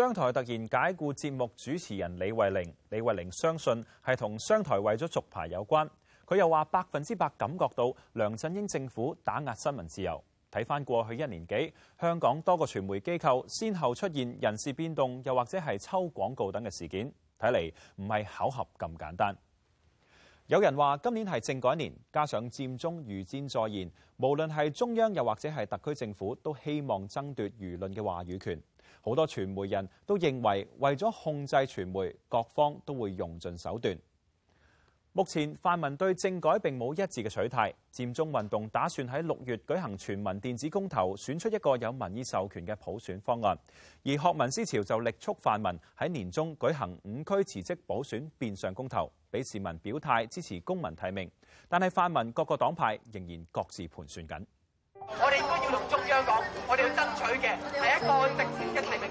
商台突然解雇節目主持人李慧玲，李慧玲相信係同商台為咗續牌有關。佢又話百分之百感覺到梁振英政府打壓新聞自由。睇翻過去一年幾，香港多個傳媒機構先後出現人事變動，又或者係抽廣告等嘅事件，睇嚟唔係巧合咁簡單。有人話今年係政改年，加上佔中如箭在弦，無論係中央又或者係特區政府，都希望爭奪輿論嘅話語權。好多傳媒人都認為，為咗控制傳媒，各方都會用盡手段。目前泛民對政改並冇一致嘅取態。佔中運動打算喺六月舉行全民電子公投，選出一個有民意授權嘅普選方案。而學民思潮就力促泛民喺年中舉行五區辭職補選變相公投，俾市民表態支持公民提名。但係泛民各個黨派仍然各自盤算緊。我哋應該要同中央講，我哋要爭取嘅。代席前嘅提名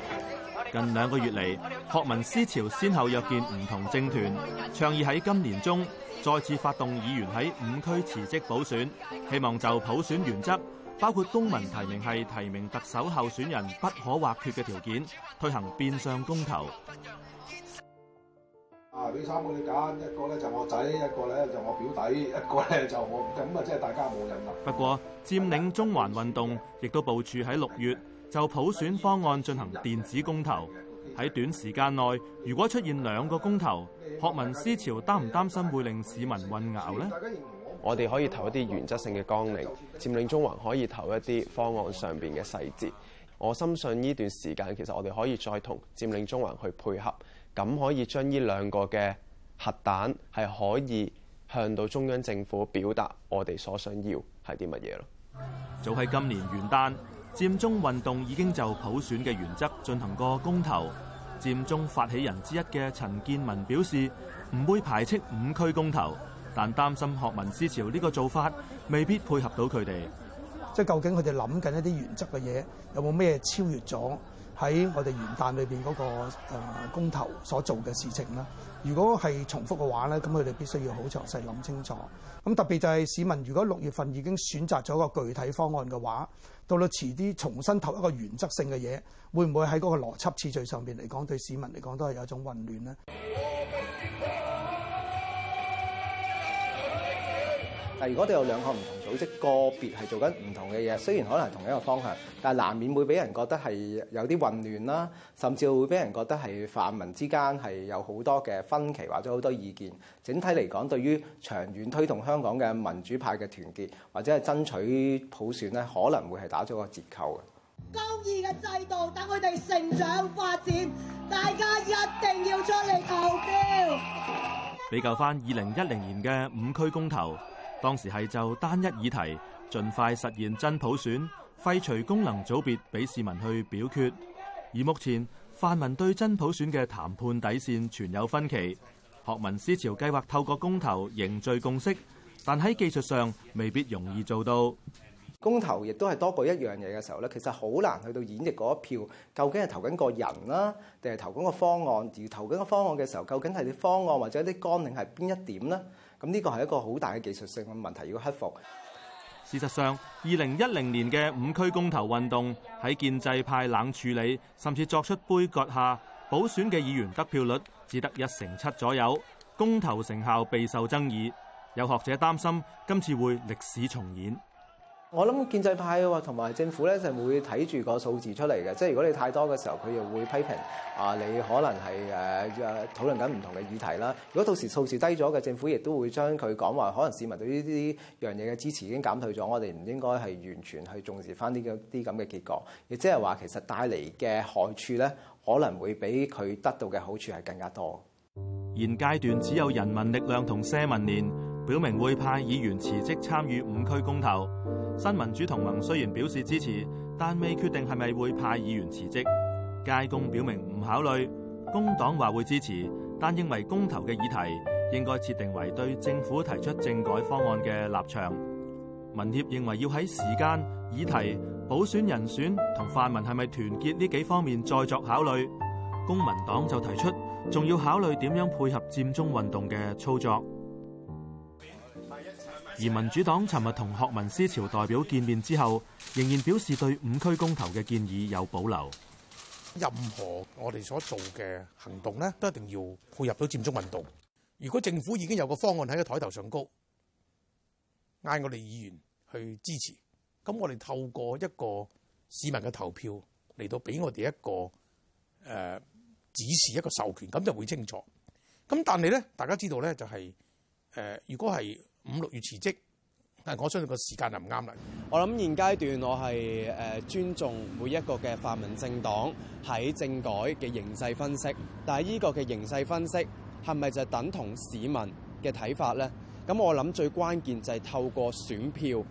近兩個月嚟，學民思潮先後約見唔同政團，倡議喺今年中再次發動議員喺五區辭職補選，希望就普選原則，包括公民提名係提名特首候選人不可或缺嘅條件，推行變相公投。啊，俾三個你揀，一個咧就是我仔，一個咧就是我表弟，一個咧就是我咁啊，即係大家冇人啦。不過，佔領中環運動亦都部署喺六月。就普選方案進行電子公投，喺短時間內如果出現兩個公投，學民思潮擔唔擔心會令市民混淆咧？我哋可以投一啲原則性嘅綱領，佔領中環可以投一啲方案上邊嘅細節，我深信呢段時間其實，我哋可以再同佔領中環去配合，咁可以將呢兩個嘅核彈係可以向到中央政府表達我哋所想要係啲乜嘢咯。早喺今年元旦。佔中運動已經就普選嘅原則進行過公投，佔中發起人之一嘅陳健民表示唔會排斥五區公投，但擔心學民思潮呢個做法未必配合到佢哋，即係究竟佢哋諗緊一啲原則嘅嘢，有冇咩超越咗？喺我哋元旦裏邊嗰個誒公投所做嘅事情啦，如果係重複嘅話咧，咁佢哋必須要好詳細諗清楚。咁特別就係市民，如果六月份已經選擇咗個具體方案嘅話，到到遲啲重新投一個原則性嘅嘢，會唔會喺嗰個邏輯次序上邊嚟講，對市民嚟講都係有一種混亂咧？嗱，如果我哋有兩個唔同組織，個別係做緊唔同嘅嘢，雖然可能係同一個方向，但難免會俾人覺得係有啲混亂啦，甚至會俾人覺得係泛民之間係有好多嘅分歧，或者好多意見。整體嚟講，對於長遠推動香港嘅民主派嘅團結，或者係爭取普選咧，可能會係打咗個折扣嘅。公義嘅制度等佢哋成長發展，大家一定要出嚟投票。比較翻二零一零年嘅五區公投。當時係就單一議題，盡快實現真普選，廢除功能組別，俾市民去表決。而目前泛民對真普選嘅談判底線存有分歧。學民思潮計劃透過公投凝聚共識，但喺技術上未必容易做到。公投亦都係多過一樣嘢嘅時候咧，其實好難去到演繹嗰一票，究竟係投緊個人啦，定係投緊個方案？而投緊個方案嘅時候，究竟係啲方案或者啲綱領係邊一點呢？咁呢個係一個好大嘅技術性問題要克服。事實上，二零一零年嘅五區公投運動喺建制派冷處理，甚至作出杯葛下，補選嘅議員得票率只得一成七左右，公投成效備受爭議。有學者擔心今次會歷史重演。我諗建制派嘅話，同埋政府咧，就會睇住個數字出嚟嘅。即係如果你太多嘅時候，佢又會批評啊，你可能係誒討論緊唔同嘅議題啦。如果到時數字低咗嘅，政府亦都會將佢講話，可能市民對於呢啲樣嘢嘅支持已經減退咗，我哋唔應該係完全去重視翻呢啲咁嘅結果。亦即係話，其實帶嚟嘅害處咧，可能會比佢得到嘅好處係更加多。現階段只有人民力量同社民連表明會派議員辭職參與五區公投。新民主同盟雖然表示支持，但未決定係咪會派議員辭職。街工表明唔考慮，工黨話會支持，但認為公投嘅議題應該設定為對政府提出政改方案嘅立場。民協認為要喺時間、議題、補選人選同泛民係咪團結呢幾方面再作考慮。公民黨就提出，仲要考慮點樣配合佔中運動嘅操作。而民主黨尋日同學民思潮代表見面之後，仍然表示對五區公投嘅建議有保留。任何我哋所做嘅行動呢，都一定要配入到佔中運動。如果政府已經有個方案喺個枱頭上高，嗌我哋議員去支持，咁我哋透過一個市民嘅投票嚟到俾我哋一個誒、呃、指示一個授權，咁就會清楚。咁但係咧，大家知道咧，就係、是、誒、呃，如果係。五六月辭職，但係我相信個時間係唔啱啦。我諗現階段我係誒尊重每一個嘅泛民政黨喺政改嘅形勢分析，但係呢個嘅形勢分析係咪就等同市民嘅睇法咧？咁我諗最關鍵就係透過選票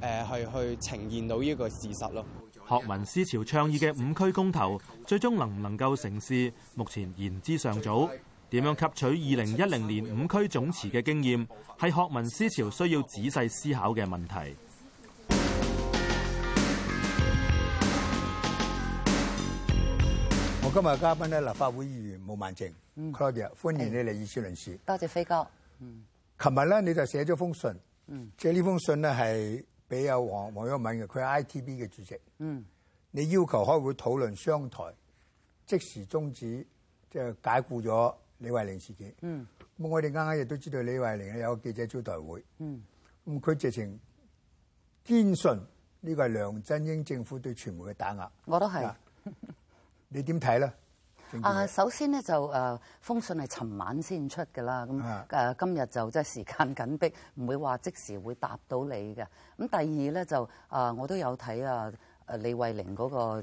誒去去呈現到呢個事實咯。學民思潮倡議嘅五區公投最終能唔能夠成事，目前言之尚早。點樣吸取二零一零年五區總辭嘅經驗，係學民思潮需要仔細思考嘅問題。我今日嘉賓咧，立法會議員毛孟靜，Claudia 歡迎你嚟議事論事。是多謝飛哥。嗯，琴日咧，你就寫咗封信，嗯，即係呢封信咧係俾阿黃黃耀文嘅，佢係 ITB 嘅主席，嗯，你要求開會討論商台，即時終止，即係解僱咗。李慧玲事件，嗯，咁我哋啱啱亦都知道李慧玲有個記者招待會，嗯，咁佢直情堅信呢個係梁振英政府對傳媒嘅打壓，我都係。那 你點睇咧？啊，首先咧就誒封、呃、信係尋晚先出㗎啦，咁誒、呃、今日就即係時間緊迫，唔會話即時會答到你嘅。咁第二咧就誒、呃、我都有睇啊，誒李慧玲嗰、嗰個。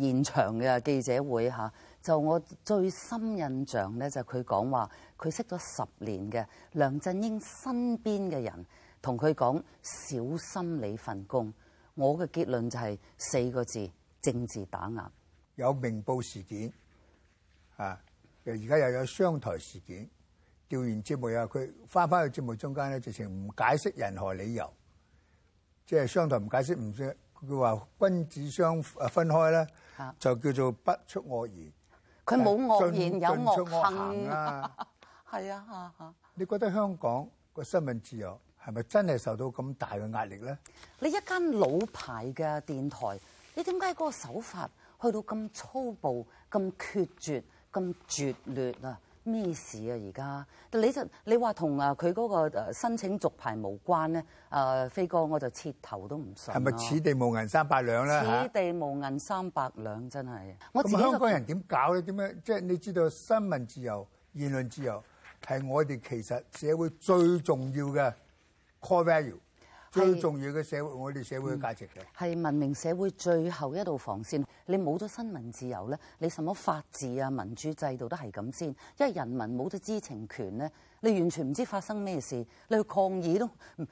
現場嘅記者會嚇，就我最深印象咧，就佢講話，佢識咗十年嘅梁振英身邊嘅人，同佢講，小心你份工。我嘅結論就係四個字：政治打壓。有明報事件啊，而家又有商台事件。調完節目又佢翻返去節目中間咧，直情唔解釋任何理由，即係商台唔解釋唔，佢話君子相啊分開啦。就叫做不出惡言，佢冇惡言，有惡行啦。係啊， 啊你覺得香港個新聞自由係咪真係受到咁大嘅壓力咧？你一間老牌嘅電台，你點解嗰個手法去到咁粗暴、咁決絕、咁拙劣啊？咩事啊？而家你就你話同啊佢嗰個誒申請續牌無關咧？啊、呃、飛哥，我就切頭都唔信。係咪此地無銀三百兩咧？此地無銀三百兩、啊、真係。咁香港人點搞咧？點樣，即係你知道新聞自由、言論自由係我哋其實社會最重要嘅 core value。最重要嘅社會，是我哋社會嘅價值嘅係文明社會最後一道防線。你冇咗新聞自由呢，你什麼法治啊、民主制度都係咁先，因為人民冇咗知情權呢，你完全唔知發生咩事，你去抗議都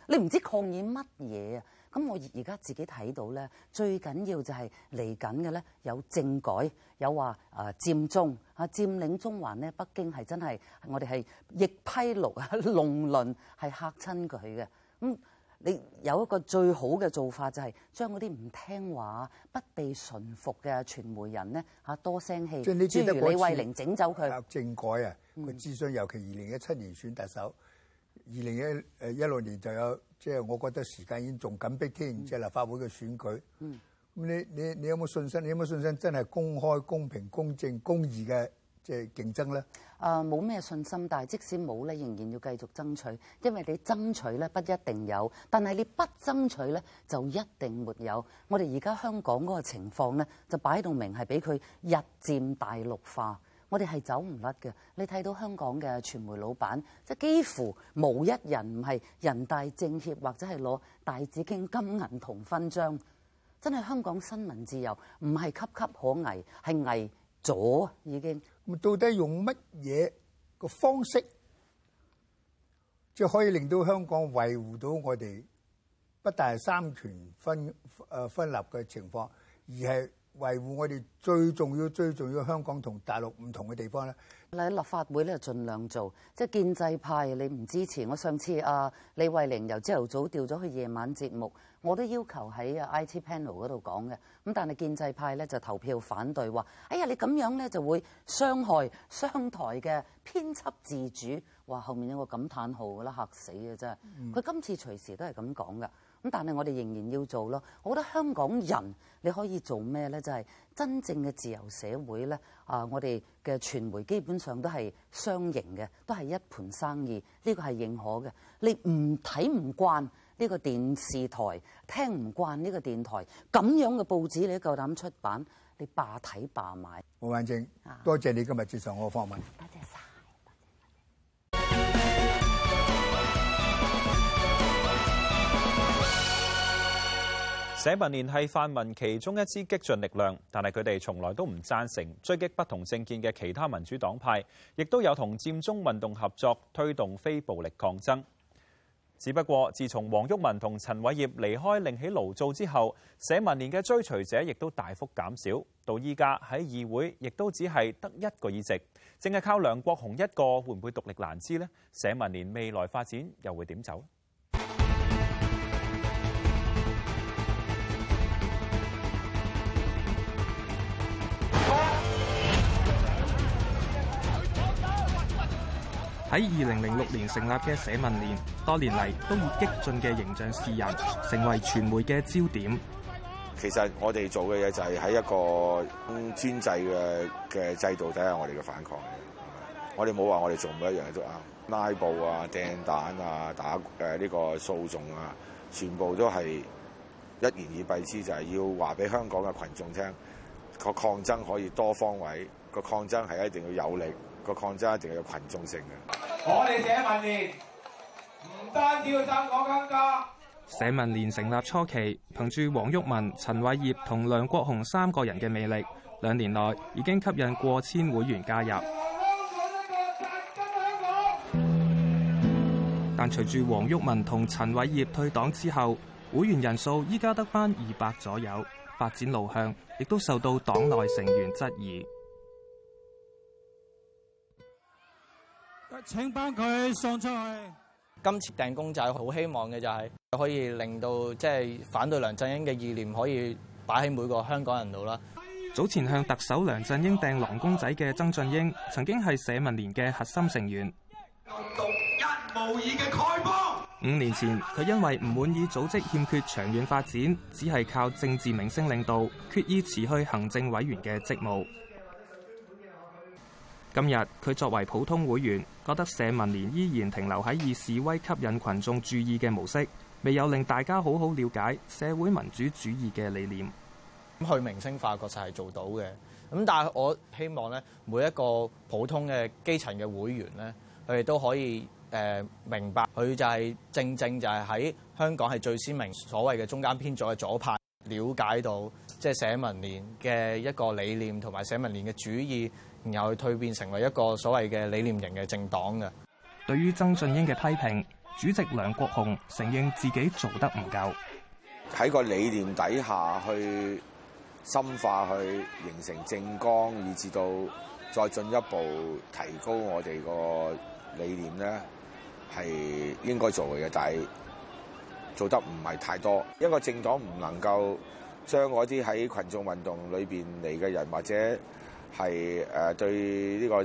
你唔知抗議乜嘢啊。咁我而家自己睇到呢，最緊要就係嚟緊嘅呢，有政改，有話啊、呃、佔中啊佔領中環呢北京係真係我哋係亦批六啊，龍鱗係嚇親佢嘅你有一個最好嘅做法就係將嗰啲唔聽話、不被馴服嘅傳媒人咧嚇多聲氣，譬如李慧玲整走佢。立政改啊，佢、嗯、諮詢尤其二零一七年選特首，二零一誒一六年就有，即、就、係、是、我覺得時間已經仲緊迫添，即係立法會嘅選舉。嗯，咁你你你有冇信心？你有冇信心真係公開、公平、公正、公義嘅？即係競爭呢，誒冇咩信心，但係即使冇呢，仍然要繼續爭取，因為你爭取呢不一定有，但係你不爭取呢就一定沒有。我哋而家香港嗰個情況呢，就擺到明係俾佢日漸大陸化，我哋係走唔甩嘅。你睇到香港嘅傳媒老闆，即係幾乎冇一人唔係人大政協或者係攞大紫荊金銀銅勳章，真係香港新聞自由唔係岌岌可危，係危咗已經。到底用乜嘢個方式，即係可以令到香港維護到我哋不但係三權分誒分立嘅情況，而係維護我哋最重要、最重要香港同大陸唔同嘅地方咧。喺立法會咧，盡量做即係建制派，你唔支持我上次啊李慧玲由朝頭早調咗去夜晚節目。我都要求喺啊 IT panel 嗰度講嘅，咁但係建制派咧就投票反對話，哎呀你咁樣咧就會傷害商台嘅編輯自主，話後面有個感嘆號啦，吓死呀真係，佢、嗯、今次隨時都係咁講噶，咁但係我哋仍然要做咯。我覺得香港人你可以做咩咧？就係、是、真正嘅自由社會咧，啊我哋嘅傳媒基本上都係商營嘅，都係一盤生意，呢、這個係認可嘅。你唔睇唔慣。呢個電視台聽唔慣呢個電台咁樣嘅報紙，你都夠膽出版？你霸睇霸買？胡萬正，多謝你今日接受我嘅訪問。多謝曬，多謝。謝謝謝謝。社民連係泛民其中一支激進力量，但係佢哋從來都唔贊成追擊不同政見嘅其他民主黨派，亦都有同佔中運動合作推動非暴力抗爭。只不過自從黃毓民同陳偉業離開另起爐灶之後，社民連嘅追隨者亦都大幅減少，到依家喺議會亦都只係得一個議席，淨係靠梁國雄一個，會唔會獨力難支呢？社民連未來發展又會點走？喺二零零六年成立嘅社民連，多年嚟都以激進嘅形象示人，成為傳媒嘅焦點。其實我哋做嘅嘢就係喺一個專制嘅嘅制度底下，我哋嘅反抗嘅。我哋冇話，我哋做每一樣都啱，拉布啊、掟蛋啊、打誒呢個訴訟啊，全部都係一言以蔽之，就係要話俾香港嘅群眾聽，個抗爭可以多方位，個抗爭係一定要有力。個抗爭一定係有羣眾性嘅。我哋社民連唔單要爭港爭家。社民連成立初期，憑住黃毓民、陳偉業同梁國雄三個人嘅魅力，兩年內已經吸引過千會員加入。但隨住黃毓民同陳偉業退黨之後，會員人數依家得返二百左右，發展路向亦都受到黨內成員質疑。請幫佢送出去。今次掟公仔，好希望嘅就係可以令到即係反對梁振英嘅意念可以擺喺每個香港人度啦。早前向特首梁振英掟狼狼公仔嘅曾俊英，曾經係社民連嘅核心成員。五年前，佢因為唔滿意組織欠缺長遠發展，只係靠政治明星領導，決意辭去行政委員嘅職務。今日佢作為普通會員，覺得社民連依然停留喺以示威吸引群眾注意嘅模式，未有令大家好好了解社會民主主義嘅理念。咁去明星化確實係做到嘅，咁但係我希望咧，每一個普通嘅基層嘅會員咧，佢哋都可以誒、呃、明白，佢就係正正就係喺香港係最鮮明所謂嘅中間偏左嘅左派，了解到即係社民連嘅一個理念同埋社民連嘅主義。然後去蛻變成為一個所謂嘅理念型嘅政黨嘅。對於曾俊英嘅批評，主席梁國雄承認自己做得唔夠。喺個理念底下去深化、去形成政綱，以至到再進一步提高我哋個理念咧，係應該做嘅嘢，但係做得唔係太多。一個政黨唔能夠將嗰啲喺群眾運動裏面嚟嘅人或者係，誒對呢個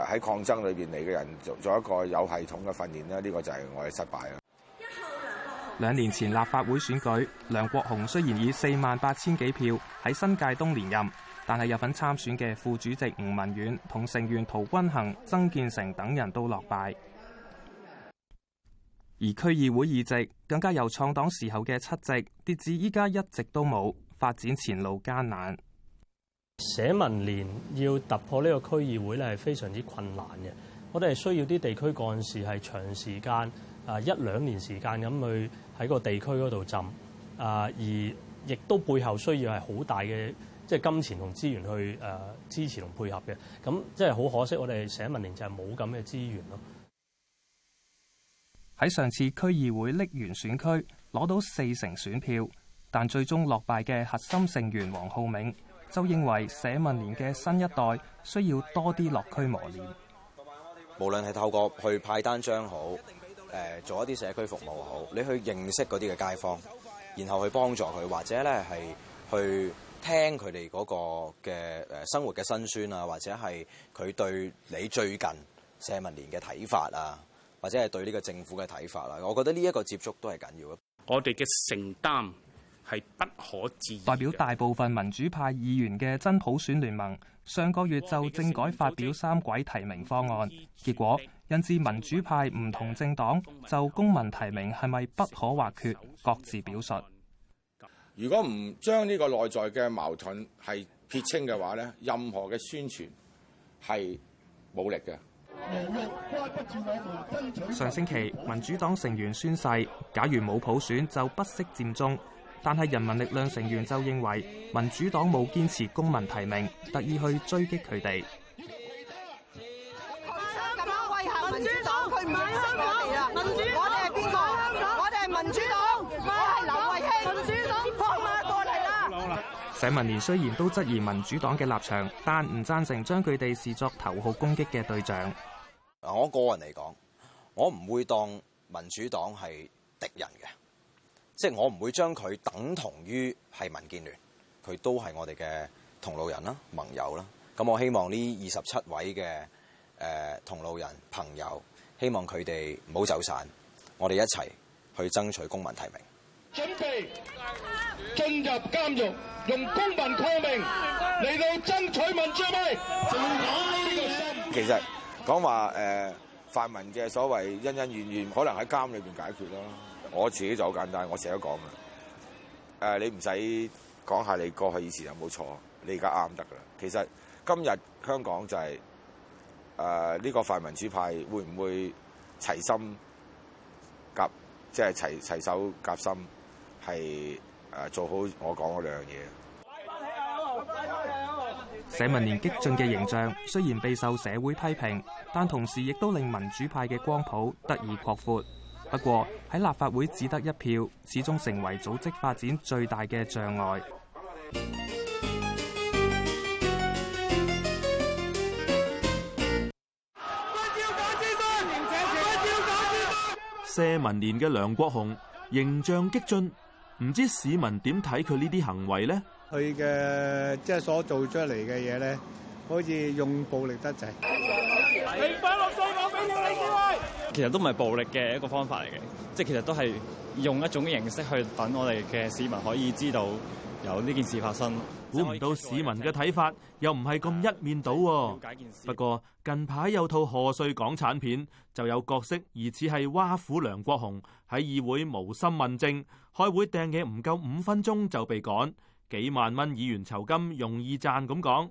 喺抗爭裏邊嚟嘅人做做一個有系統嘅訓練啦，呢、這個就係我哋失敗啦。兩年前立法會選舉，梁國雄雖然以四萬八千幾票喺新界東連任，但係有份參選嘅副主席吳文遠同成員陶君行、曾建成等人都落敗，而區議會議席更加由創黨時候嘅七席跌至依家一直都冇，發展前路艱難。社民聯要突破呢個區議會咧，係非常之困難嘅。我哋係需要啲地區幹事係長時間啊，一兩年時間咁去喺個地區嗰度浸啊，而亦都背後需要係好大嘅即係金錢同資源去誒支持同配合嘅。咁即係好可惜，我哋社民聯就係冇咁嘅資源咯。喺上次區議會搦完選區，攞到四成選票，但最終落敗嘅核心成員黃浩銘就認為社民連嘅新一代需要多啲落區磨練。無論係透過去派單張好，誒做一啲社區服務好，你去認識嗰啲嘅街坊，然後去幫助佢，或者咧係去聽佢哋嗰個嘅誒生活嘅辛酸啊，或者係佢對你最近社民連嘅睇法啊，或者係對呢個政府嘅睇法啦，我覺得呢一個接觸都係緊要嘅。我哋嘅承擔。係不可置。代表大部分民主派議員嘅真普選聯盟，上個月就政改發表三軌提名方案，結果引致民主派唔同政黨就公民提名係咪不，不可或缺，各自表述。如果唔將呢個內在嘅矛盾係撇清嘅話呢，任何嘅宣傳係冇力嘅。力上星期民主黨成員宣誓，假如冇普選就不惜佔中。但係人民力量成員就認為民主黨冇堅持公民提名，特意去追擊佢哋。香民我哋係邊個？我哋係民主黨。我係劉慧卿。社民連雖然都質疑民主黨嘅立場，但唔贊成將佢哋視作頭號攻擊嘅對象。我個人嚟講，我唔會當民主黨係敵人嘅。即係我唔會將佢等同於係民建聯，佢都係我哋嘅同路人啦、盟友啦。咁我希望呢二十七位嘅誒、呃、同路人朋友，希望佢哋唔好走散，我哋一齊去爭取公民提名。準備進入監獄，用公民抗命嚟到爭取民主咪？這個心，其實講話誒泛民嘅所謂恩恩怨怨，可能喺監裏邊解決咯。我自己就好簡單，我成日都講嘅。誒、呃，你唔使講下你過去以前有冇錯，你而家啱得㗎啦。其實今日香港就係誒呢個泛民主派會唔會齊心夾，即係齊齊手夾心，係誒做好我講嗰兩樣嘢。社民連激進嘅形象雖然備受社會批評，但同時亦都令民主派嘅光譜得以擴闊。不過喺立法會只得一票，始終成為組織發展最大嘅障礙。社民連嘅梁國雄形象激進，唔知市民點睇佢呢啲行為呢？佢嘅即係所做出嚟嘅嘢咧，好似用暴力得滯。其實都唔係暴力嘅一個方法嚟嘅，即係其實都係用一種形式去等我哋嘅市民可以知道有呢件事發生。估唔到市民嘅睇法又唔係咁一面倒喎、啊。是不過近排有套賀歲港產片，就有角色疑似係蛙虎梁國雄喺議會無心問政，開會掟嘢唔夠五分鐘就被趕，幾萬蚊議員酬金容易賺咁講，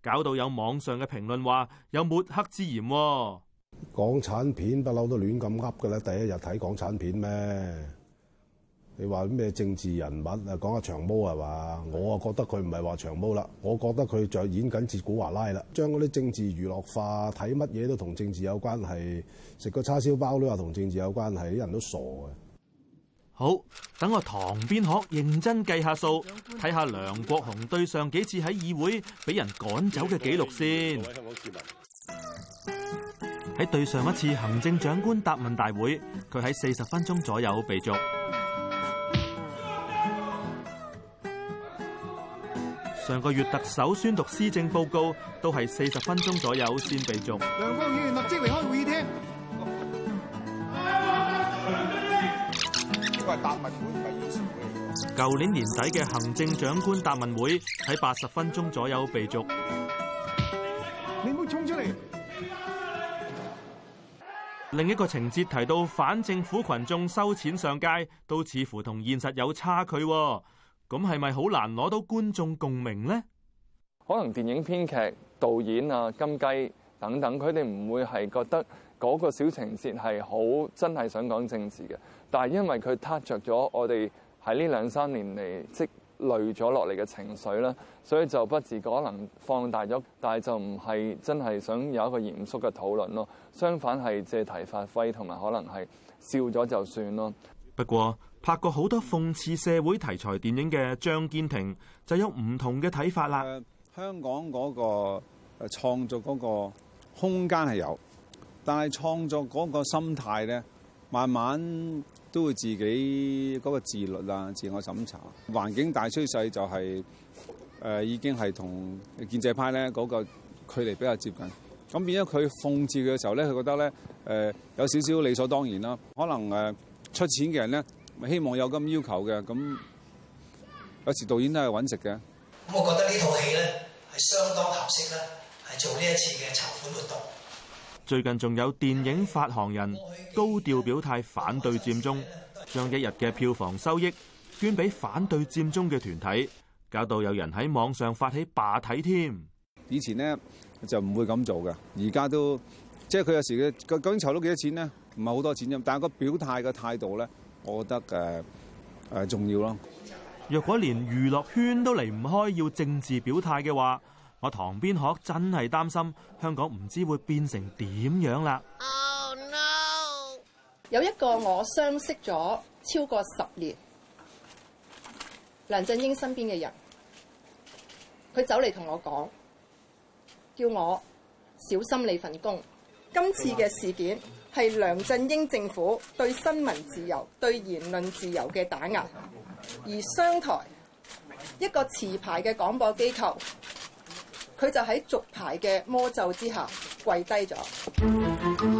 搞到有網上嘅評論話有抹黑之嫌、啊。港產片不嬲都亂咁噏嘅呢。第一日睇港產片咩？你話咩政治人物啊？講下長毛係嘛？我啊覺得佢唔係話長毛啦，我覺得佢就演緊哲古華拉啦，將嗰啲政治娛樂化，睇乜嘢都同政治有關係，食個叉燒包都話同政治有關係，啲人都傻嘅。好，等我堂邊鶴認真計下數，睇下梁國雄對上幾次喺議會俾人趕走嘅記錄先。喺對上一次行政長官答問大會，佢喺四十分鐘左右被逐。上個月特首宣讀施政報告，都係四十分鐘左右先被逐。梁國柱立即離開會議廳。呢個係答問會，唔係議事會嚟嘅。舊年年底嘅行政長官答問會喺八十分鐘左右被逐。另一個情節提到反政府群眾收錢上街，都似乎同現實有差距，咁係咪好難攞到觀眾共鳴呢？可能電影編劇、導演啊、金雞等等，佢哋唔會係覺得嗰個小情節係好真係想講政治嘅，但係因為佢撻着咗我哋喺呢兩三年嚟即。累咗落嚟嘅情緒啦，所以就不自可能放大咗，但係就唔係真係想有一個嚴肅嘅討論咯。相反係借題發揮，同埋可能係笑咗就算咯。不過拍過好多諷刺社會題材電影嘅張堅庭就有唔同嘅睇法啦、呃。香港嗰個創作嗰個空間係有，但係創作嗰個心態咧，慢慢。都會自己嗰個自律啊，自我審查。環境大趨勢就係、是、誒、呃、已經係同建制派咧嗰、那個距離比較接近。咁變咗佢諷刺嘅時候咧，佢覺得咧誒、呃、有少少理所當然啦。可能誒、呃、出錢嘅人咧希望有咁要求嘅，咁有時導演都係揾食嘅。咁我覺得這呢套戲咧係相當合適啦，係做呢一次嘅籌款活動。最近仲有電影發行人高調表態反對佔中，將一日嘅票房收益捐俾反對佔中嘅團體，搞到有人喺網上發起罷睇添。以前呢，就唔會咁做嘅，而家都即係佢有時嘅究竟籌到幾多錢呢？唔係好多錢啫。但係個表態嘅態度咧，我覺得誒誒重要咯。若果連娛樂圈都離唔開要政治表態嘅話，我旁邊學真係擔心香港唔知會變成點樣啦。Oh no！有一個我相識咗超過十年梁振英身邊嘅人，佢走嚟同我講，叫我小心你份工。今次嘅事件係梁振英政府對新聞自由、對言論自由嘅打壓，而商台一個持牌嘅廣播機構。佢就喺逐排嘅魔咒之下跪低咗。